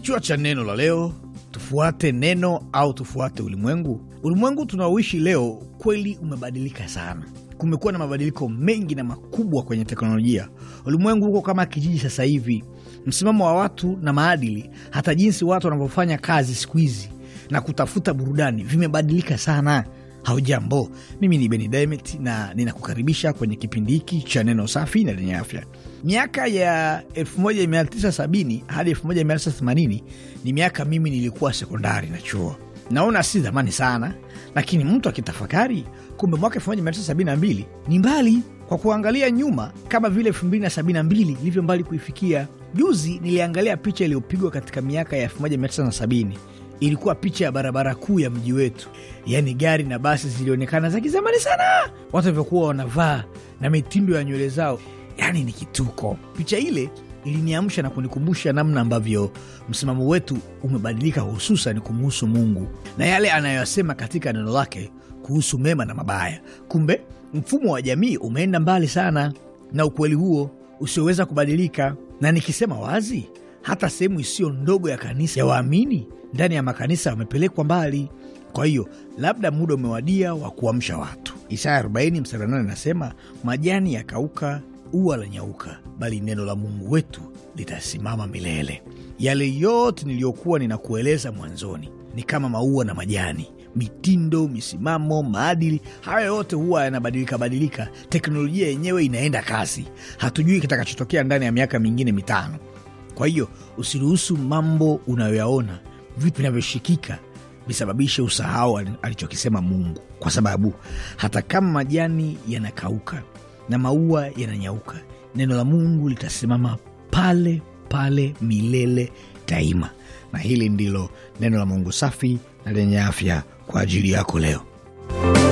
Kichwa cha neno la leo: tufuate neno au tufuate ulimwengu? Ulimwengu tunaoishi leo kweli umebadilika sana. Kumekuwa na mabadiliko mengi na makubwa kwenye teknolojia. Ulimwengu huko kama kijiji sasa hivi, msimamo wa watu na maadili, hata jinsi watu wanavyofanya kazi siku hizi na kutafuta burudani vimebadilika sana. Haujambo, mimi ni Beni Dimet na ninakukaribisha kwenye kipindi hiki cha neno safi na lenye afya. Miaka ya 1970 hadi 1980 ni miaka mimi nilikuwa sekondari na chuo. Naona si zamani sana, lakini mtu akitafakari, kumbe mwaka 1972 ni mbali kwa kuangalia nyuma, kama vile 2072 ilivyo mbali kuifikia. Juzi niliangalia picha iliyopigwa katika miaka ya 1970 ilikuwa picha ya barabara kuu ya mji wetu, yaani gari na basi zilionekana za kizamani sana, watu walivyokuwa wanavaa na mitindo ya nywele zao, yaani ni kituko. Picha ile iliniamsha na kunikumbusha namna ambavyo msimamo wetu umebadilika, hususan kumhusu Mungu na yale anayoyasema katika neno lake kuhusu mema na mabaya. Kumbe mfumo wa jamii umeenda mbali sana na ukweli huo usioweza kubadilika, na nikisema wazi hata sehemu isiyo ndogo ya kanisa ya waamini ndani ya makanisa wamepelekwa mbali. Kwa hiyo labda muda umewadia wa kuamsha watu. Isaya 40 mstari 8 anasema, majani yakauka, ua lanyauka, bali neno la Mungu wetu litasimama milele. Yale yote niliyokuwa ninakueleza mwanzoni ni kama maua na majani mitindo, misimamo, maadili, haya yote huwa yanabadilika badilika. Teknolojia yenyewe inaenda kasi, hatujui kitakachotokea ndani ya miaka mingine mitano. Kwa hiyo usiruhusu mambo unayoyaona, vitu vinavyoshikika visababishe usahau alichokisema Mungu, kwa sababu hata kama majani yanakauka na maua yananyauka, neno la Mungu litasimama pale pale milele daima. Na hili ndilo neno la Mungu safi na lenye afya kwa ajili yako leo.